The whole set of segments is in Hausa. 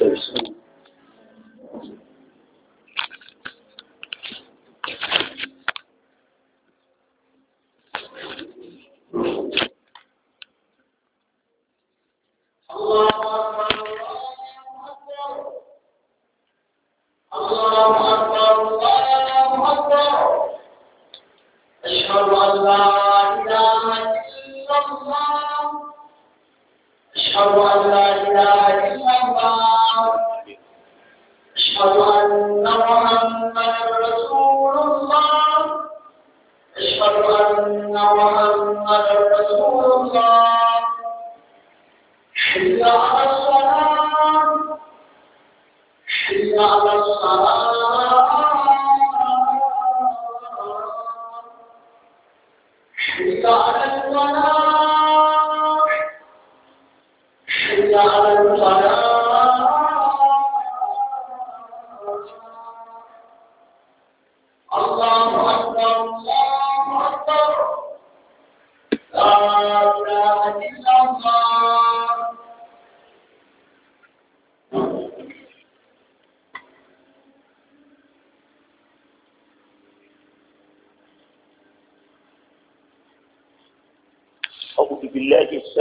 so to speak.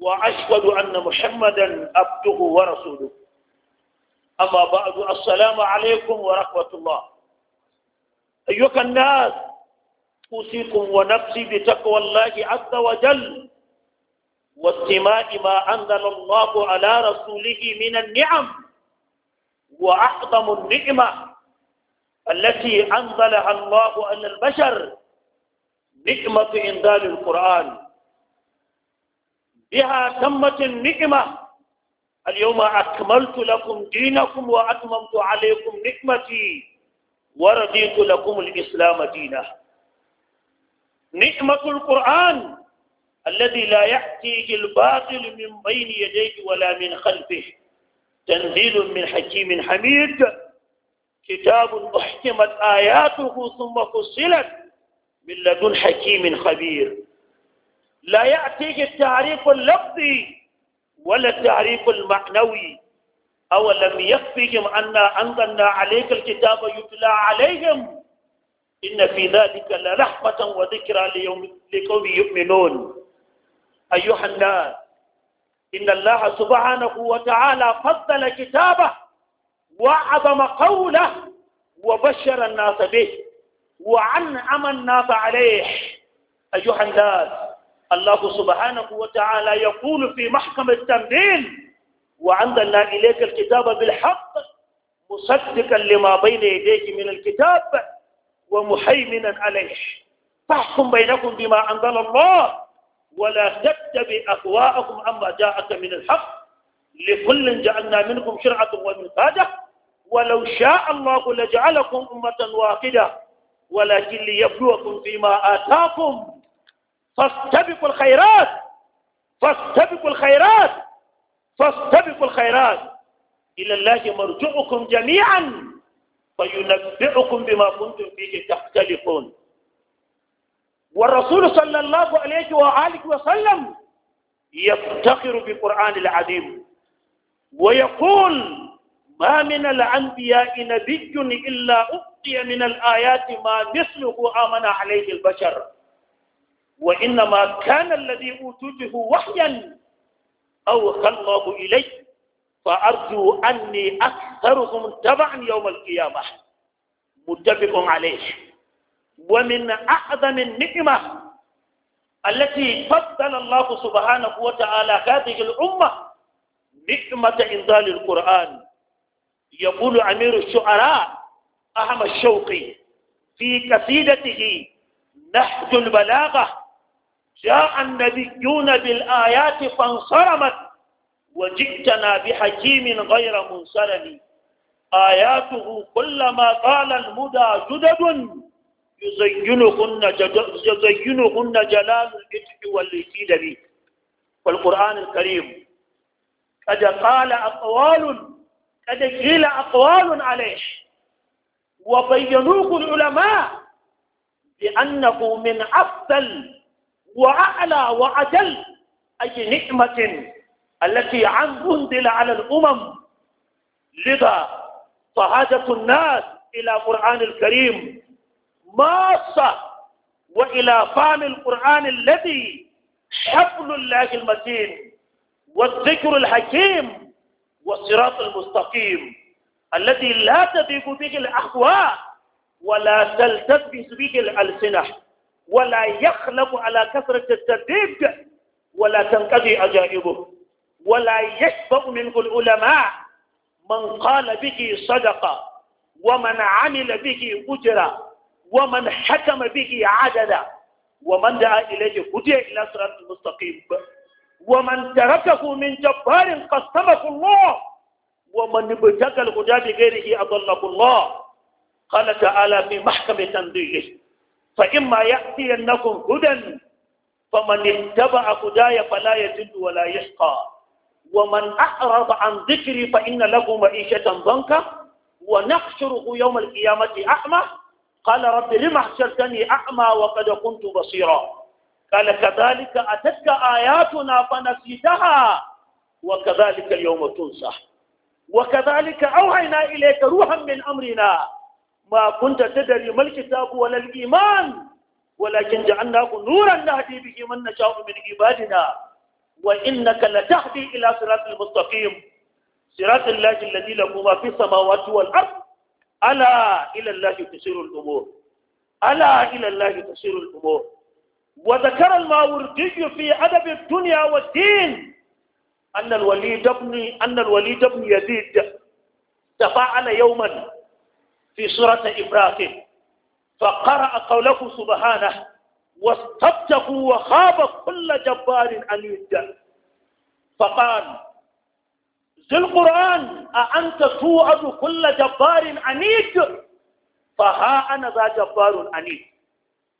وأشهد أن محمدا عبده ورسوله أما بعد السلام عليكم ورحمة الله أيها الناس أوصيكم ونفسي بتقوى الله عز وجل واستماع ما أنزل الله على رسوله من النعم وأعظم النعمة التي أنزلها الله على البشر نعمة إنزال القرآن بها تمت النعمة اليوم أكملت لكم دينكم وأتممت عليكم نعمتي ورديت لكم الإسلام دينا نعمة القرآن الذي لا يأتيه الباطل من بين يديه ولا من خلفه تنزيل من حكيم حميد كتاب أحكمت آياته ثم فصلت من لدن حكيم خبير لا يأتيه التعريف اللفظي ولا التعريف المعنوي أولم يكفيهم أنا أنزلنا عليك الكتاب يتلى عليهم إن في ذلك لرحمة وذكرى ليوم لقوم يؤمنون أيها الناس إن الله سبحانه وتعالى فضل كتابه وعظم قوله وبشر الناس به وعنعم الناس عليه أيها الناس الله سبحانه وتعالى يقول في محكم التنبيل وأنزلنا إليك الكتاب بالحق مصدقا لما بين يديك من الكتاب ومهيمنا عليه فاحكم بينكم بما أنزل الله ولا تتبع أهواءكم عما جاءك من الحق لكل جعلنا منكم شرعة ومنهاجة ولو شاء الله لجعلكم أمة واحدة ولكن ليبلوكم فيما آتاكم فاستبقوا الخيرات فاستبقوا الخيرات فاستبقوا الخيرات إلى الله مرجعكم جميعا فينبئكم بما كنتم فيه تختلفون والرسول صلى الله عليه وآله وسلم يفتخر بالقرآن العظيم ويقول ما من الأنبياء نبي إلا أعطي من الآيات ما مثله آمن عليه البشر وإنما كان الذي أوتيته وحيا أوحى الله إلي فأرجو أني أكثرهم تبعا يوم القيامة متفق عليه ومن أعظم النعمة التي فضل الله سبحانه وتعالى هذه الأمة نعمة إنزال القرآن يقول أمير الشعراء أحمد الشوقي في قصيدته نهج البلاغة جاء النبيون بالآيات فانصرمت وجئتنا بحكيم غير منصرم آياته كلما قال المدى جدد يزينهن يزينهن جلال الإتق به والقرآن الكريم قد قال أقوال قد قيل أقوال عليه وبينوه العلماء بأنه من أفضل وأعلى وأجل أي نعمة التي أنزل على الأمم لذا صهاجة الناس إلى القرآن الكريم ماصة وإلى فهم القرآن الذي حبل الله المتين والذكر الحكيم والصراط المستقيم الذي لا تذيب به الأهواء ولا تلتبس به الألسنة ولا يخلم على كثرة التدريب ولا تنقضي أجائبه ولا يشبع منه العلماء من قال به صدقة ومن عمل به أجرا ومن حكم به عدلا ومن دعا إليه هدي إلى صراط المستقيم ومن تركه من جبار قسمه الله ومن ابتغى الهدى بغيره أضله الله قال تعالى في محكم تنزيله فإما يأتينكم هدى فمن اتبع هداي فلا يزل ولا يشقى ومن أعرض عن ذكري فإن له معيشة ضنكا ونحشره يوم القيامة أعمى قال رب لم أحشرتني أعمى وقد كنت بصيرا قال كذلك أتتك آياتنا فنسيتها وكذلك اليوم تنسى وكذلك أوحينا إليك روحا من أمرنا ما كنت تدري ما الكتاب ولا الإيمان ولكن جعلناه نورا نهدي به من نشاء من عبادنا وإنك لتهدي إلى صراط المستقيم صراط الله الذي له ما في السماوات والأرض ألا إلى الله تسير الأمور ألا إلى الله تسير الأمور وذكر الماوردي في أدب الدنيا والدين أن الوليد بن أن الوليد بن يزيد تفاعل يوما في سورة إبراهيم فقرأ قوله سبحانه واستفتحوا وخاب كل جبار أن يدع فقال ذي القرآن أأنت توعد كل جبار عنيد فها أنا ذا جبار عنيد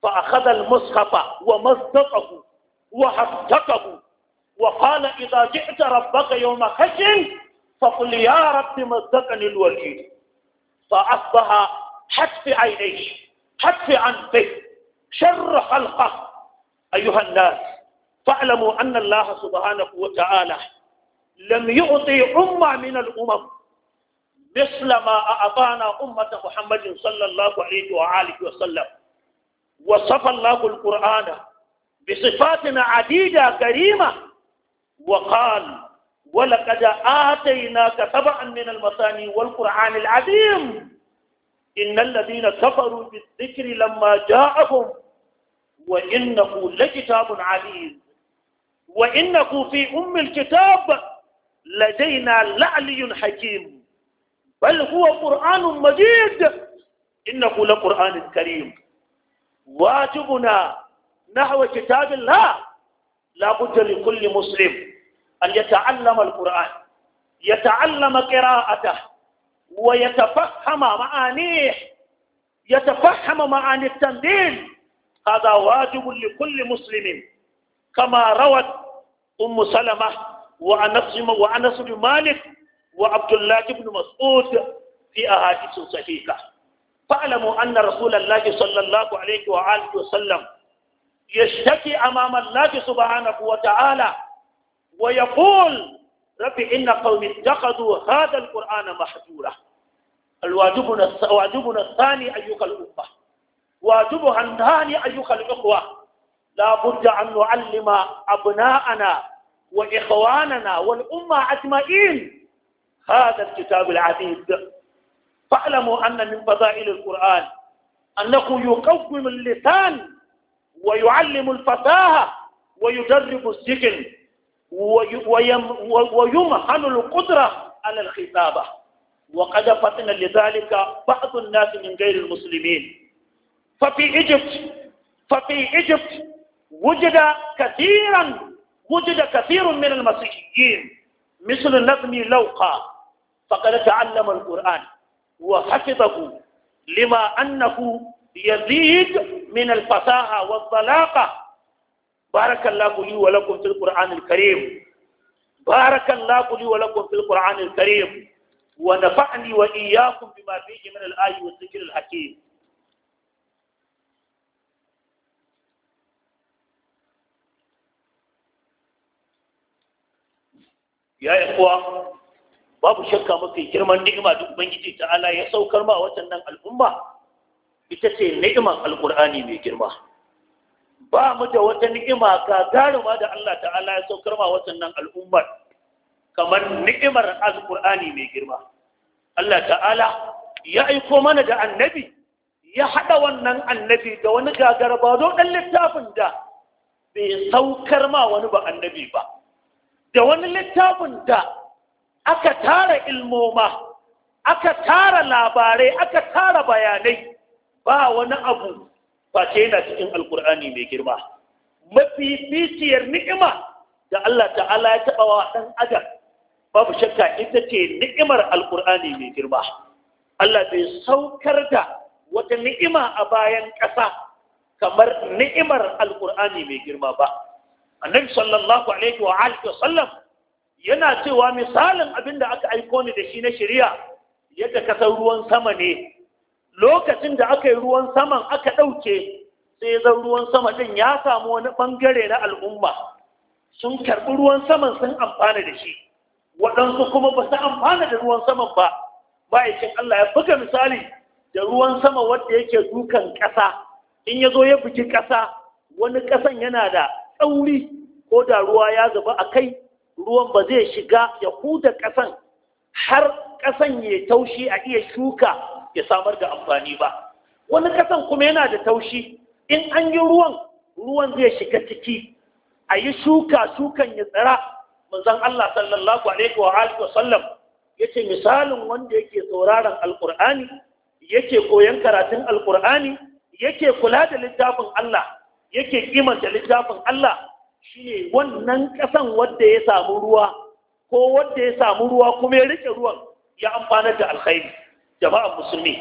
فأخذ المصحف ومصدقه وحدقه وقال إذا جئت ربك يوم خشن فقل يا رب مصدقني الوليد فأصبح حتف عينيه حتف عنفه شر خلقه أيها الناس فاعلموا أن الله سبحانه وتعالى لم يعطي أمة من الأمم مثل ما أعطانا أمة محمد صلى الله عليه وآله وسلم وصف الله القرآن بصفات عديدة كريمة وقال ولقد آتيناك سبعا من المثاني والقرآن العظيم إن الذين كفروا بالذكر لما جاءهم وإنه لكتاب عزيز وإنه في أم الكتاب لدينا لعلي حكيم بل هو قرآن مجيد إنه لقرآن كريم واجبنا نحو كتاب الله لا بد لكل مسلم أن يتعلم القرآن يتعلم قراءته ويتفهم معانيه يتفهم معاني التنزيل هذا واجب لكل مسلم كما روت أم سلمة وأنس وأنس بن مالك وعبد الله بن مسعود في أحاديث صحيحة فاعلموا أن رسول الله صلى الله عليه وآله وسلم يشتكي أمام الله سبحانه وتعالى ويقول رب إن قوم اتخذوا هذا القرآن محجورا الواجبنا واجبنا الثاني أيها الأخوة واجبها الثاني أيها الأخوة لا بد أن نعلم أبناءنا وإخواننا والأمة أجمعين هذا الكتاب العزيز فاعلموا أن من فضائل القرآن أنه يقوم اللسان ويعلم الفصاحة ويدرب السجن ويمحن القدرة على الخطابة وقد فتن لذلك بعض الناس من غير المسلمين ففي إيجبت ففي إيجبت وجد كثيرا وجد كثير من المسيحيين مثل نظم لوقا فقد تعلم القرآن وحفظه لما أنه يزيد من الفصاحة والطلاقة barakallahu li wa lakum fil qur'anil karim barakallahu li wa lakum fil qur'anil karim wa nafa'ni wa iyyakum kuwa babu shakka mafi girman ni'ima da ubangiji ta'ala ya saukar ma watan al'umma ita ce ni'imar alkur'ani mai girma ba mu da wata ni'ima gagaruma da Allah ta'ala ya saukar ma waɗannan al'ummar kamar ni'imar alƙur'ani mai girma Allah ta'ala ya aiko mana da annabi ya haɗa wannan annabi da wani gagarabado ɗan littafin da bai saukar ma wani ba annabi ba da wani littafin da aka tara ilmoma aka tara labarai aka tara bayanai ba wani abu face yana cikin alkur'ani mai girma mafi ficiyar ni'ima da Allah ta'ala ya taɓa wa ɗan adam babu shakka ita ce ni'imar alkur'ani mai girma Allah bai saukar da wata ni'ima a bayan ƙasa kamar ni'imar alkur'ani mai girma ba annabi sallallahu alaihi wa alihi sallam yana cewa misalin abin da aka aiko ni da shi na shari'a yadda kasar ruwan sama ne lokacin da aka yi ruwan saman aka ɗauke sai zan ruwan sama ɗin ya samu wani ɓangare na al'umma sun karɓi ruwan saman sun amfana da shi waɗansu kuma ba su amfana da ruwan saman ba bayan Allah ya buga misali da ruwan sama wanda yake dukan ƙasa in ya zo ya buki ƙasa wani ƙasan yana da tsauri ko da ruwa ya zuba a kai ruwan ba zai shiga ya huda ƙasan har ƙasan ya taushi a iya shuka ya samar da amfani ba wani kasan kuma yana da taushi in an yi ruwan ruwan zai shiga ciki a yi shuka shukan ya tsara manzon Allah sallallahu alaihi wa alihi wa sallam yace misalin wanda yake sauraron alƙur'ani yake koyan karatun alƙur'ani yake kula da littafin Allah yake kimanta littafin Allah shine wannan kasan wanda ya samu ruwa ko wanda ya samu ruwa kuma ya rike ruwan ya amfana da alkhairi jama'an musulmi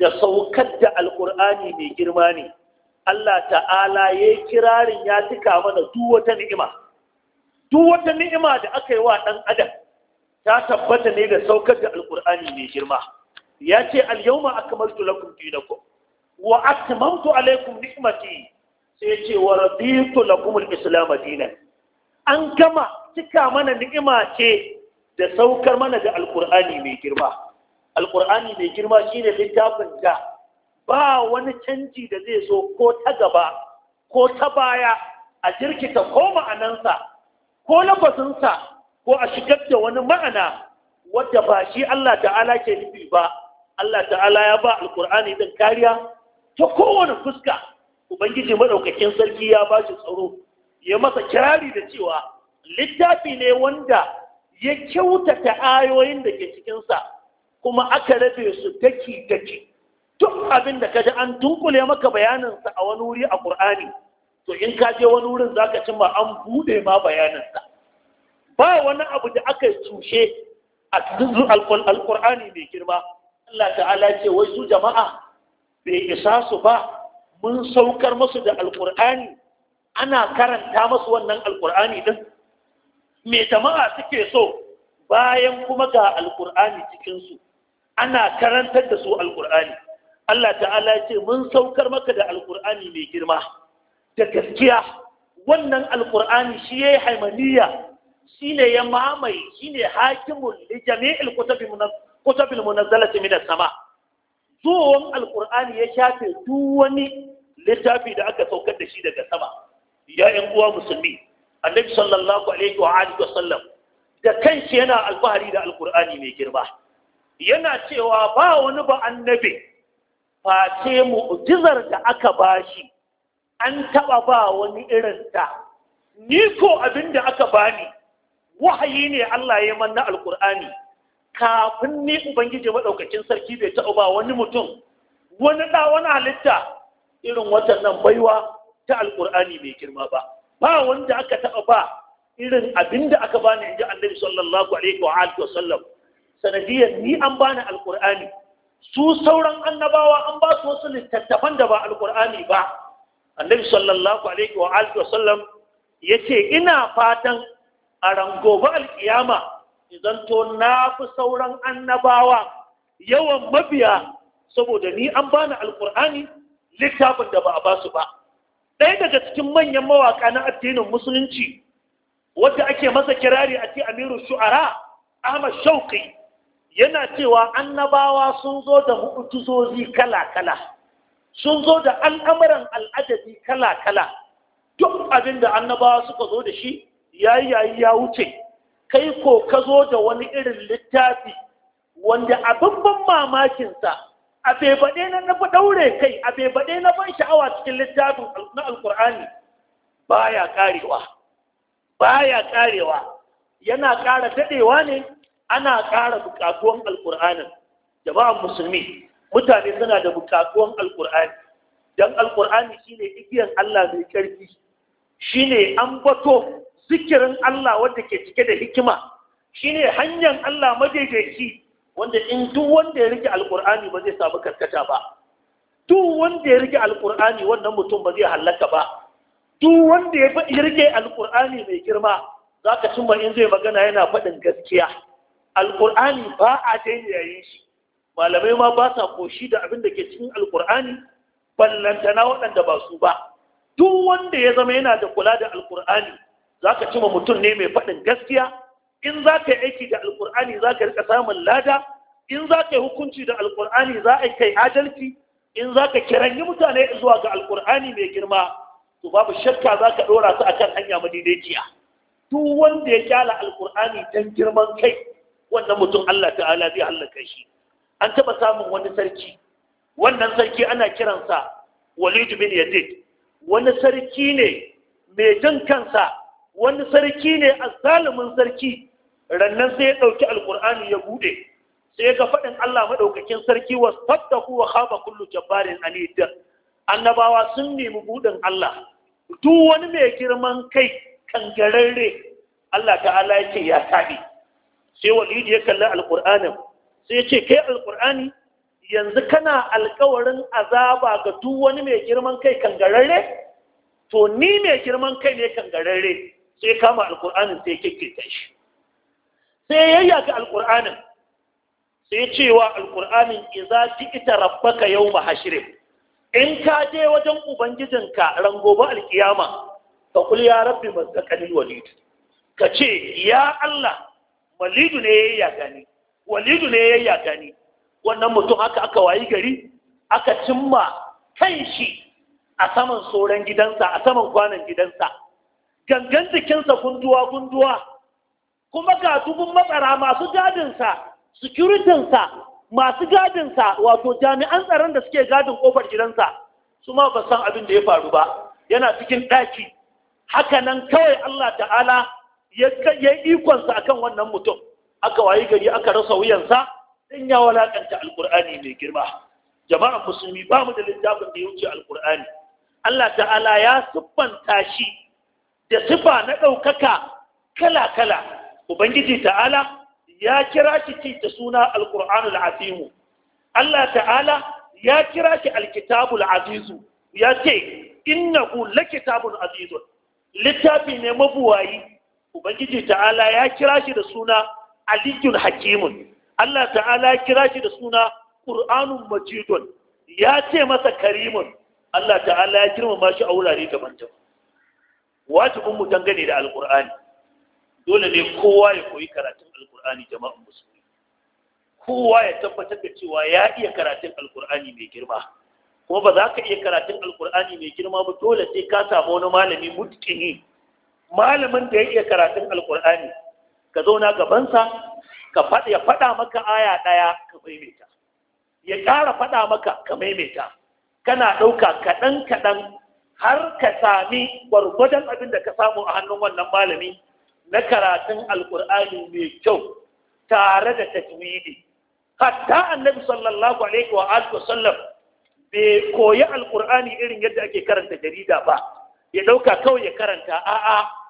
da saukar da alkur'ani mai girma ne Allah ta'ala ya yi kirarin ya tuka mana duk wata ni'ima duk wata ni'ima da aka yi wa ɗan adam ta tabbata ne da saukar da alkur'ani mai girma ya ce al-yawma akmaltu lakum dinakum wa atmamtu alaykum ni'mati sai ce wa raditu lakum islam dinan an gama cika mana ni'ima ce da saukar mana da alkur'ani mai girma alƙur'ani mai girma shine littafin da ba wani canji da zai so ko ta gaba ko ta baya a jirkita ko ma'anansa ko lafazinsa ko a shigar da wani ma'ana wadda ba shi Allah ta'ala ke nufi ba Allah ta'ala ya ba alƙur'ani don kariya ta kowane fuska ubangiji madaukakin sarki ya ba shi tsaro ya masa kirari da cewa littafi ne wanda ya kyautata ayoyin da ke cikinsa kuma aka rabe su taki-taki, duk abin da kaji an tunkule maka bayaninsa a wani wuri a ƙur'ani to in ka je wani wurin zaka ma an buɗe ma bayaninsa ba wani abu da aka cushe a cikin alƙur'ani mai girma Allah ta'ala ce wai su jama'a bai isa su ba mun saukar musu da alƙur'ani ana karanta musu wannan alƙur'ani din me jama'a suke so bayan kuma ga alƙur'ani cikinsu ana karantar da su alƙur'ani Allah ta'ala ya ce mun saukar maka da alƙur'ani mai girma da gaskiya wannan alƙur'ani shi ya yi haimaniya shi ne ya mamaye shi ne hakimun li jami'il kutubil munazzalati min sama zuwan alƙur'ani ya shafe duk wani littafi da aka saukar da shi daga sama ya ƴan uwa musulmi annabi sallallahu alaihi wa alihi wa sallam da kanshi yana alfahari da alƙur'ani mai girma yana cewa ba wani ba annabi face mu'jizar da aka bashi an taba ba wani irin ta ni ko abin da aka bani wahayi ne Allah ya manna alkur'ani kafin ni ubangiji maɗaukacin sarki bai taba ba wani mutum wani ɗa wani halitta irin watannan baiwa ta alqur'ani bai girma ba ba wanda aka taba ba irin abin da aka bani inji annabi sallallahu alaihi wa alihi wa sallam sanadiyar ni an bani alkur'ani su sauran annabawa an ba su wasu littattafan da ba alkur'ani ba annabi sallallahu alaihi wa alihi wa sallam yace ina fatan a rangobe alkiyama idan to na fi sauran annabawa yawan mabiya saboda ni an bani alkur'ani littafin da ba a ba su ba ɗaya daga cikin manyan mawaka na addinin musulunci wadda ake masa kirari a ce amiru shu'ara ahmad shauƙi yana cewa annabawa sun zo da mu'ujizozi kala-kala sun zo da al'amuran al'ajabi kala-kala duk abin da annabawa suka zo da shi yayi yayi ya wuce kai ko ka zo da wani irin littafi wanda abin ban mamakinsa a bebaɗe na na daure kai a bebaɗe na ban sha'awa cikin littafin na alkur'ani baya ƙarewa baya karewa yana ƙara daɗewa ne ana ƙara buƙatuwan alƙur'anin jama'an musulmi mutane suna da buƙatuwan alƙur'ani don alƙur'ani shine igiyan Allah mai ƙarfi shine bato zikirin Allah wanda ke cike da hikima shine hanyar Allah madaidaici wanda in duk wanda ya rike alƙur'ani ba zai samu karkata ba duk wanda ya rike alƙur'ani wannan mutum ba zai hallaka ba duk wanda ya rike alƙur'ani mai girma za ka cimma in zai magana yana faɗin gaskiya alƙur'ani ba a daina yayin shi malamai ma ba sa koshi da abin da ke cikin alƙur'ani ballantana waɗanda ba su ba duk wanda ya zama yana da kula da alƙur'ani za ka cima mutum ne mai faɗin gaskiya in za ka yi aiki da alƙur'ani za ka rika samun lada in za ka yi hukunci da alƙur'ani za a kai adalci in za ka kiranyi mutane zuwa ga alƙur'ani mai girma to babu shakka za ka ɗora su akan hanya madidaiciya duk wanda ya kyala alƙur'ani don girman kai wannan mutum Allah ta'ala zai hallaka shi an taɓa samun wani sarki wannan sarki ana kiransa walid bin yazid wani sarki ne mai jin kansa wani sarki ne a sarki rannan sai ya ɗauki alkur'ani ya buɗe sai ga faɗin Allah maɗaukakin sarki wa fattaku wa khaba kullu jabbarin anid annabawa sun nemi buɗin Allah duk wani mai girman kai kan Allah ta'ala yake ya tabi sai walidu ya kalli alƙur'anin sai ya ce kai alƙur'ani yanzu kana alƙawarin azaba ga duk wani mai girman kai kan gararre to ni mai girman kai ne gararre sai kama alƙur'anin sai kekketa shi sai ya ga alƙur'anin sai cewa alƙur'anin iza ji ita rabbaka yau mahashirin in ka je wajen ubangijinka ran gobe alkiyama ka kul ya rabbi mazzaqani walid ka ce ya Allah walidu ne ya yayyaka ni walidu ne ya yayyaka ni wannan mutum haka aka wayi gari aka cimma kan shi a saman tsoron gidansa a saman kwanan gidansa gangan jikinsa gunduwa gunduwa kuma ga dubun matsara masu security sikuritinsa masu gadinsa wato jami'an tsaron da suke gadin kofar gidansa su ma ba san abin da ya faru ba yana cikin ɗaki haka nan kawai Allah ta'ala ya yi ikonsa akan wannan mutum aka wayi gari aka rasa wuyansa dan ya walakanta alkur'ani mai girma jama'an musulmi ba mu da littafin da ya wuce alkur'ani Allah ta'ala ya siffanta shi da siffa na ɗaukaka kala-kala ubangiji ta'ala ya kira shi ci da suna alkur'anul azimu Allah ta'ala ya kira shi alkitabul azizu ya ce innahu lakitabun azizun littafi ne mabuwayi ubangiji ta'ala ya kira shi da suna aliyun hakimun Allah ta'ala ya kira shi da suna Kur'anun majidun ya ce masa karimun Allah ta'ala ya girmama shi a wurare daban-daban wajibin mu dangane da alqur'ani dole ne kowa ya koyi karatun alqur'ani jama'an musulmi kowa ya tabbatar da cewa ya iya karatun alqur'ani mai girma kuma ba za ka iya karatun alqur'ani mai girma ba dole sai ka samu wani malami mutkini malamin da ya iya karatun alkur'ani ka zauna gabansa ka faɗa ya faɗa maka aya ɗaya ka maimaita ya ƙara faɗa maka ka maimaita kana ɗauka kaɗan kaɗan har ka sami gwargwadon abin da ka samu a hannun wannan malami na karatun alkur'ani mai kyau tare da tajwidi hatta annabi sallallahu alaihi wa alihi wasallam bai koyi alkur'ani irin yadda ake karanta jarida ba ya ɗauka kawai ya karanta a'a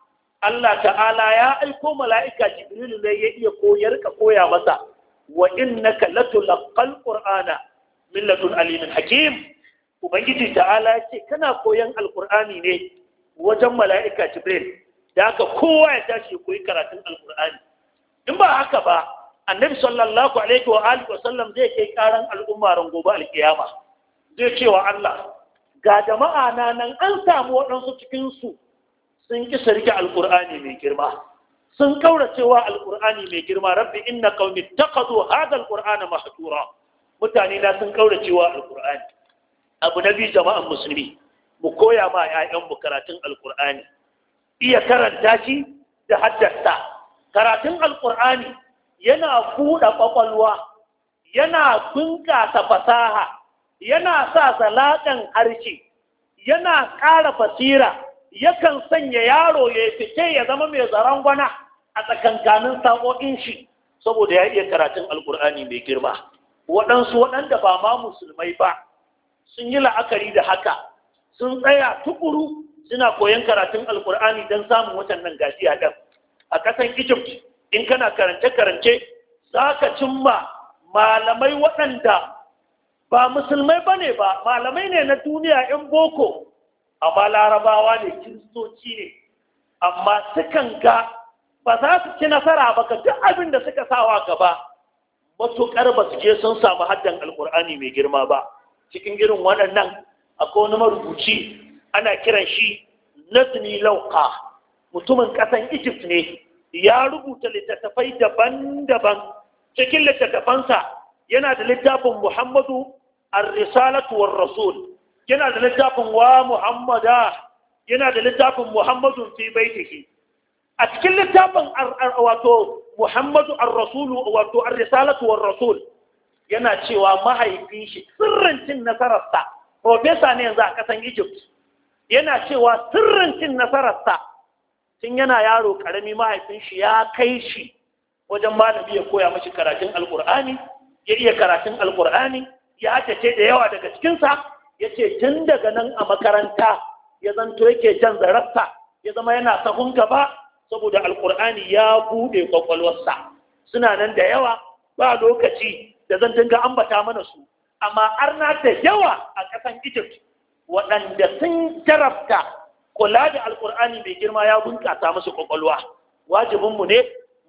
Allah ta'ala ya aiko mala'ika Jibrilu ne ya iya koyar ka koya masa wa innaka latulqal ƙurana min ladun alimin hakim ubangiji ta'ala ya ce kana koyan alƙur'ani ne wajen mala'ika Jibril da aka kowa ya tashi koyi karatun alqur'ani in ba haka ba annabi sallallahu alaihi wa alihi wa sallam zai kai ƙaran al'umma ran gobe zai ce wa Allah ga jama'a na nan an samu waɗansu cikinsu. sun kisa rike alqur'ani mai girma sun ƙauracewa alqur'ani mai girma rabbi inna qaumi taqadu hadha alqur'ana mahtura mutane na sun kauracewa alqur'ani abu biyu jama'an musulmi mu koya ma 'ya'yanmu mu karatun alqur'ani iya karanta shi da haddasta karatun alqur'ani yana buɗe kwakwalwa yana bunƙasa fasaha yana sa salaƙan harshe yana ƙara basira yakan sanya yaro ya fice ya zama mai tsaron gwana a tsakankanin sa'o'in shi saboda ya iya karatun alkur'ani mai girma waɗansu waɗanda ba ma musulmai ba sun yi la'akari da haka sun tsaya tukuru suna koyon karatun alkur'ani don samun watannan a ɗan a ƙasan egypt in kana karance-karance za ka cimma malamai waɗanda ba musulmai ba ne ba malamai ne na duniya 'yan boko amma larabawa ne kiristoci ne amma sukan ga ba za su ci nasara ba ga duk abin da suka sawa gaba matuƙar ba su je sun samu haddan alkur'ani mai girma ba cikin irin waɗannan akwai wani marubuci ana kiran shi nazmi lauka mutumin ƙasan egypt ne ya rubuta littattafai daban-daban cikin littattafansa yana da littafin muhammadu ar-risalatu war-rasul yana da littafin wa muhammada yana da littafin muhammadun fi baitihi a cikin littafin wato muhammadu ar-rasulu wato ar-risalatu war-rasul yana cewa mahaifin shi sirrin cin nasararsa profesa ne yanzu a kasan Egypt yana cewa sirrin cin nasararsa tun yana yaro karami mahaifin shi ya kai shi wajen malami ya koya mashi karatun alkur'ani ya iya karatun alkur'ani ya ce da yawa daga cikinsa ya ce tun daga nan a makaranta ya zanto yake jan zararsa ya zama yana sahun gaba saboda alkur'ani ya buɗe kwakwalwarsa suna nan da yawa ba lokaci da zan dinga ambata mana su amma arna da yawa a ƙasan egypt waɗanda sun jarabta kula da alkur'ani mai girma ya bunƙasa musu kwakwalwa wajibinmu ne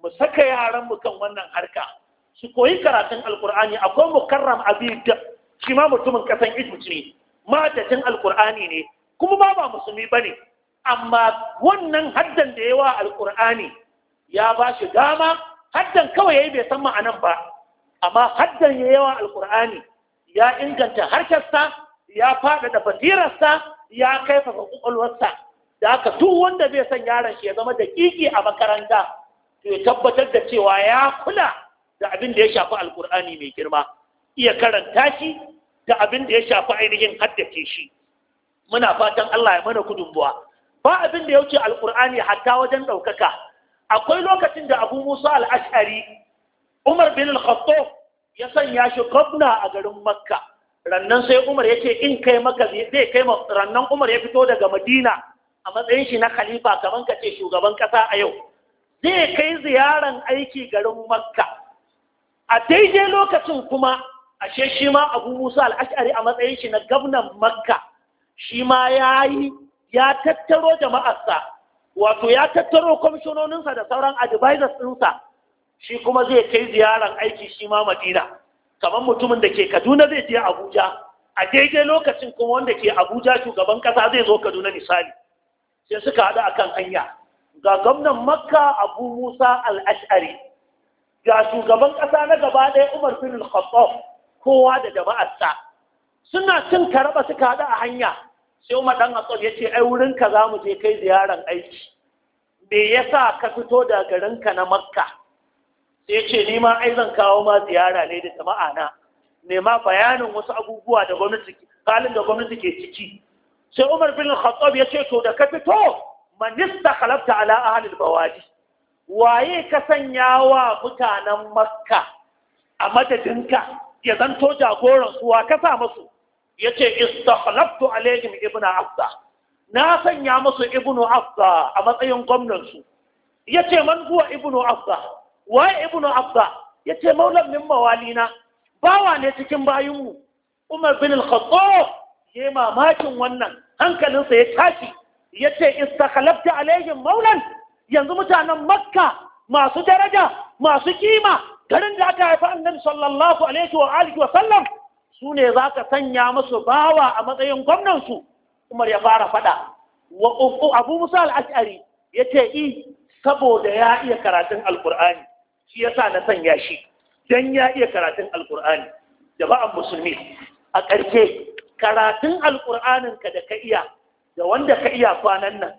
mu saka yaran mu kan wannan harka su koyi karatun alkur'ani akwai mukarram abid shi ma mutumin ƙasan egypt ne matacin alkur'ani ne kuma ba ba musulmi ba ne amma wannan haddan da yawa alkur'ani ya ba shi dama haddan kawai ya yi bai san ma'anan ba amma haddan ya yawa alkur'ani ya inganta harkarsa ya faɗaɗa basirarsa ya kaifafa ƙwaƙwalwarsa da aka duk wanda bai san yaron shi ya zama da ƙiƙi a makaranta to ya tabbatar da cewa ya kula da abin da ya shafi alkur'ani mai girma iya karanta shi da abin da ya shafi ainihin haddace shi muna fatan Allah ya mana gudunmuwa ba abin da ya wuce alkur'ani hatta wajen ɗaukaka akwai lokacin da abu musa al'ashari umar bin al-khattab ya sanya shi Kofna a garin makka rannan sai umar ya in kai makka zai kai rannan umar ya fito daga madina a matsayin shi na khalifa kamar ka ce shugaban ƙasa a yau zai kai ziyaran aiki garin makka a daidai lokacin kuma ashe shi ma abu musa al'ashari a matsayin shi na gwamnan makka shi ma ya yi ya tattaro jama'arsa wato ya tattaro kwamishinoninsa da sauran advisors ɗinsa shi kuma zai kai ziyarar aiki shi ma madina kamar mutumin da ke kaduna zai je abuja a daidai lokacin kuma wanda ke abuja shugaban kasa zai zo kaduna misali sai suka haɗu kan hanya ga gwamnan makka abu musa al'ashari ga shugaban kasa na gaba ɗaya umar bin al kowa da jama'arsa suna cin karaba suka haɗu a hanya sai umar dan asad ya ce ai wurin ka za je kai ziyaran aiki me yasa ka fito da garinka na makka sai ce ni ma ai zan kawo ma ziyara ne da jama'a na ne ma bayanin wasu abubuwa da gwamnati halin da gwamnati ke ciki sai umar bin khattab ya ce to da ka fito manista khalafta ala ahli bawadi waye ka sanya wa mutanen makka a madadinka ya zanto jagoran suwa kasa masu musu yace istakhlaftu alaihim ibnu Afza. na sanya musu ibnu Afza a matsayin gwamnan su yace man huwa ibnu Afza. wa ibnu Afza? yace maulan min mawalina bawa ne cikin mu umar bin al-khattab yayi mamakin wannan hankalinsa ya tashi yace istakhlaftu alaihim maulan yanzu mutanen makka masu daraja masu kima garin da aka haifa annabi sallallahu alaihi wa alihi wa sallam su ne za ka sanya masu bawa a matsayin gwamnansu umar ya fara faɗa wa abu musa al'ashari ya ce i saboda ya iya karatun alkur'ani shi ya sa na sanya shi don ya iya karatun alkur'ani ba'an musulmi a ƙarshe karatun alkur'anin ka da ka iya da wanda ka iya kwanan nan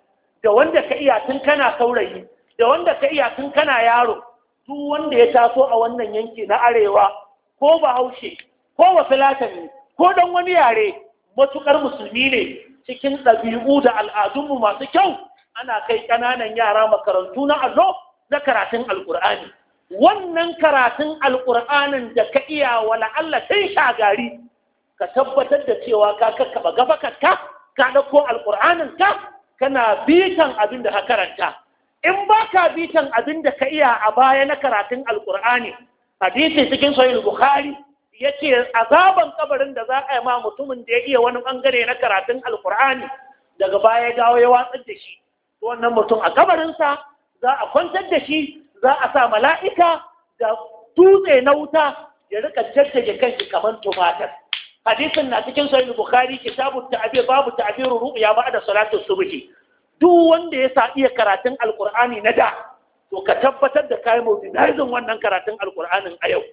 da wanda ka iya tun kana saurayi da wanda ka iya tun kana yaro duk wanda ya taso a wannan yanki na arewa ko bahaushe ko bafilatani ko dan wani yare matukar musulmi ne cikin ɗabi'u da al'adunmu masu kyau ana kai ƙananan yara makarantu na allo na karatun alƙur'ani wannan karatun alƙur'anin da ka iya wa la'alla sai shagari ka tabbatar da cewa ka kakkaba gabakarka ka ɗauko alƙur'anin ka kana bitan abin da ka karanta in ba ka bitan abin da ka iya a baya na karatun alkur'ani hadisi cikin sahih bukhari yace azaban kabarin da za a yi ma mutumin da ya iya wani bangare na karatun alkur'ani daga baya ya dawo ya watsar da shi wannan mutum a kabarinsa za a kwantar da shi za a sa mala'ika da dutse na wuta ya rika jajjaje kanshi kamar tumatir hadisin na cikin sahih bukhari kitabu ta'abir babu ta'birur ru'ya ba'da salatu subhi duk wanda ya sa iya karatun alkur'ani na da to ka tabbatar da kayan mobilizing wannan karatun alkur'anin a yau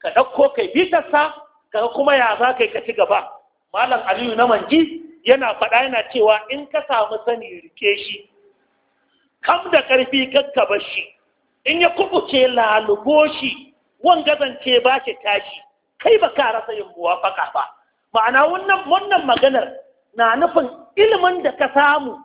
ka ɗauko kai bitarsa ka kuma ya za kai ka ci gaba malam aliyu na manji yana faɗa yana cewa in ka samu sani rike shi kam da ƙarfi kakkaba shi in ya kubuce lalubo shi wangazance ba shi tashi kai ba ka rasa yin buwa muwafaka ba ma'ana wannan maganar na nufin ilimin da ka samu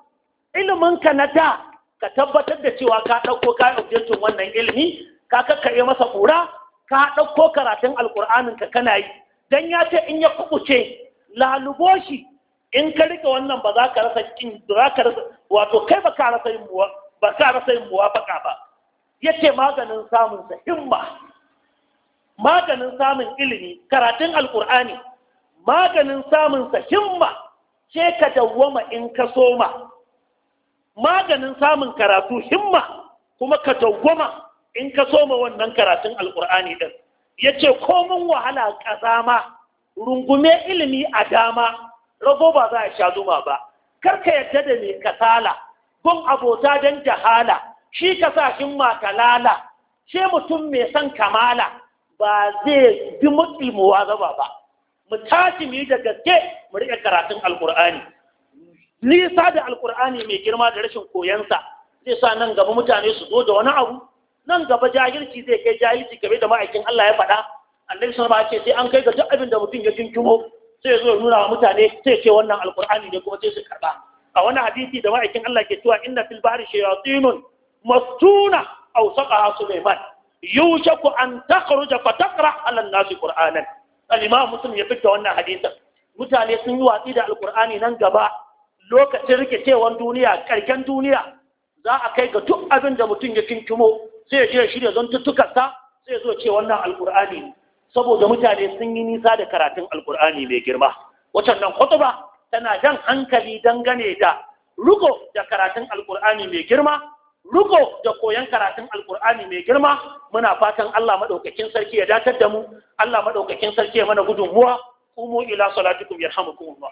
iliminka na da ka tabbatar da cewa ka ɗauko yi objectin wannan ilimi ka kakkaɓe masa ƙura ka ɗauko karatun alƙur'anin ka kana yi dan ya ce in ya kubuce lalubo shi in ka rike wannan ba za ka rasa kin za ka rasa wato kai ba ka rasa yin muwa ba ka rasa yin faka ba yace maganin samun sa himma maganin samun ilimi karatun alƙur'ani maganin samun sa himma ce ka dawwama in ka soma maganin samun karatu himma kuma ka tawwama in ka soma wannan karatun alkur'ani din ya ce komin wahala ƙazama rungume ilimi a dama rago ba za a sha zuma ba kar ka yadda da mai kasala gun abota don jahala shi ka sa himma lala, she mutum mai son kamala ba zai bi mutsimuwa zaba ba mu tashi mu yi da gaske mu riƙe karatun alkur'ani nisa da alkur'ani mai girma da rashin koyansa zai sa nan gaba mutane su zo da wani abu nan gaba jahilci zai kai jahilci game da ma'aikin Allah ya faɗa annabi sallallahu alaihi wasallam sai an kai ga duk abin da mutum ya kinkimo sai zo nuna wa mutane sai ce wannan alkur'ani ne kuma sai su karba a wani hadisi da ma'aikin Allah ke cewa inna fil bahri shayatinun mastuna aw saqaha sulaiman yushaku an takhruja fa taqra ala an-nasi qur'anan al-imam muslim ya fitta wannan hadisin mutane sun yi watsi da alkur'ani nan gaba lokacin rikicewan duniya karken duniya za a kai ga duk abin da mutum ya kinkimo sai ya shirya shirya zon tuttukarsa sai zo ce wannan alkur'ani saboda mutane sun yi nisa da karatun alkur'ani mai girma Watan nan kwatuba tana jan hankali dangane da ruko da karatun alkur'ani mai girma ruko da koyon karatun alkur'ani mai girma muna fatan Allah maɗaukakin sarki ya datar da mu Allah maɗaukakin sarki ya mana gudunmuwa umu ila salatukum yarhamukumullah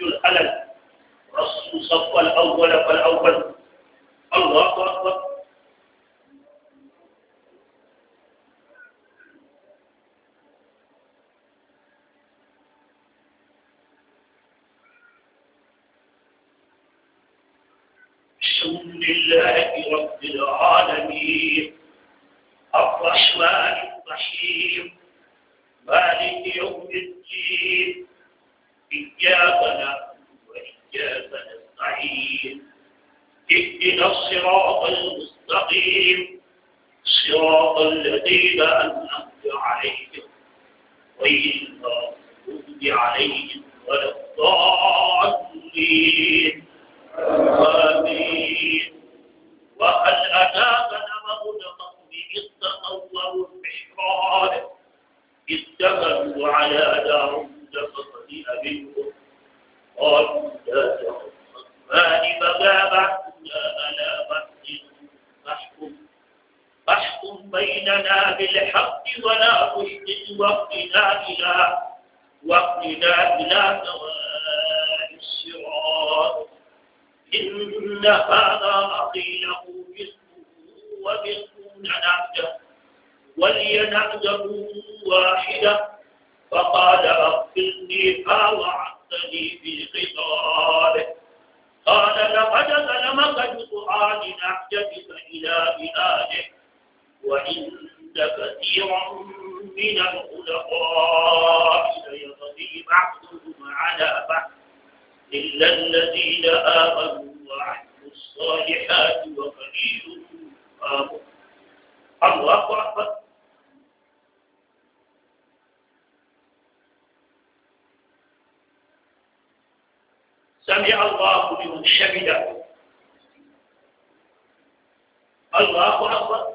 رد الخلل رصوا صف الأول فالأول الله أكبر بسم الله رب العالمين قيل أن نقضي عليه وإن فأصدق عليه واقنا إلى واقنا إلى سواء الصراط إن هذا أخي له مثله ومثلنا نعجه ولي نعجه واحدة فقال أغفرني فوعدتني بالقتال قال لقد ظلمك بسؤال نعجتك إلى بلاده وإن كثيرا من الخلقاء سيطغي بعضهم على بعض إلا الذين آمنوا وعملوا الصالحات وقليل ما الله أكبر سمع الله لمن حمده الله أكبر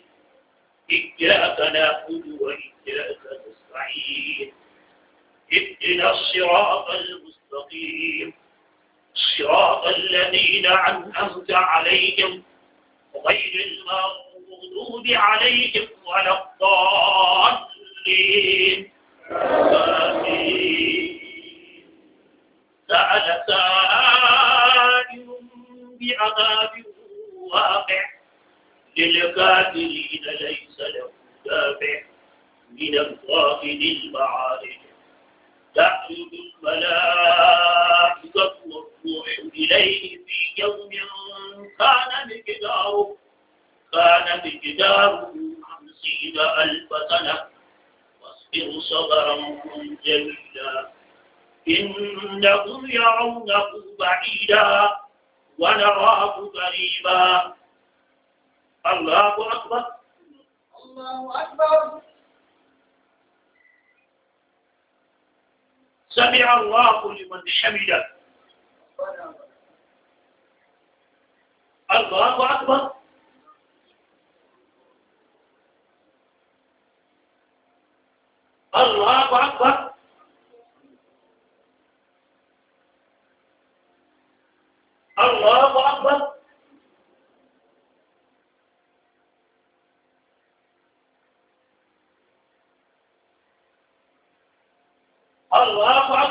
إياك نعبد وإياك نستعين اهدنا الصراط المستقيم صراط الذين أنعمت عليهم غير المغضوب عليهم ولا الضالين آمين سأل سائل بعذاب واقع للكافرين ليس له دافع من الله المعارف تعرض الملائكة والروح إليه في يوم كان مقداره كان مقداره خمسين ألف سنة واصبر صبرا جميلا إنهم يرونه بعيدا ونراه قريبا الله أكبر الله أكبر سمع الله لمن حمد الله أكبر الله أكبر الله أكبر Allahu akbar.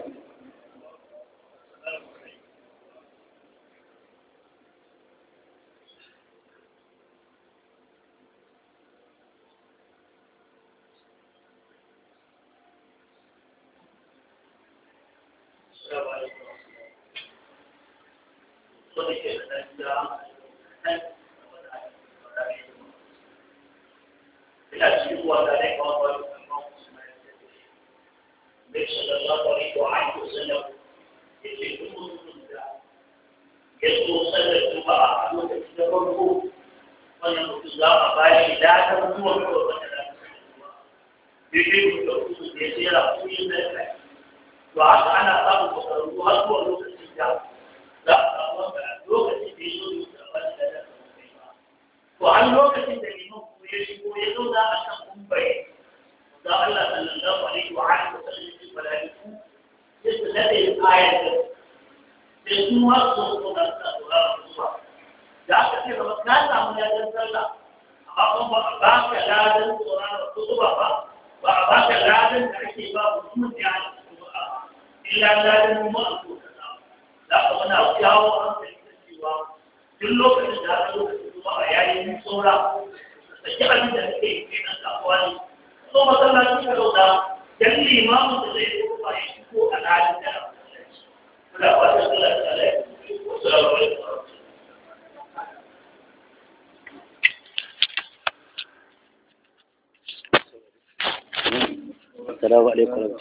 wannan mutum za a ba shi latar zuwa ga wata da yake da su ne sai ra ku yin da kai to haka ana samun kokaru har zuwa lokacin da za a samu wanda lokacin da yake da ba shi da to an lokacin da liman ku ya shigo ya zo za a san kumbai da Allah sallallahu alaihi wa alihi wa sallam malaiku yadda da ayat da su ma su ko da su da aka ce ba ka samu ladan sallah amma ba a baka ladan tsoron kutuba ba ba a baka ladan da ake ba mutum ya illa ladan mu a kuka da aka muna jawo hankali da cewa duk lokacin da aka lokacin kuma a yayin tsora da ke abin da ke yi nan kafuwa ne so masallaci ka dauka dan limamin da zai zo ba shi ko a ladan da aka kula ba da sallah da alaikum wasu alaikum assalamu alaikum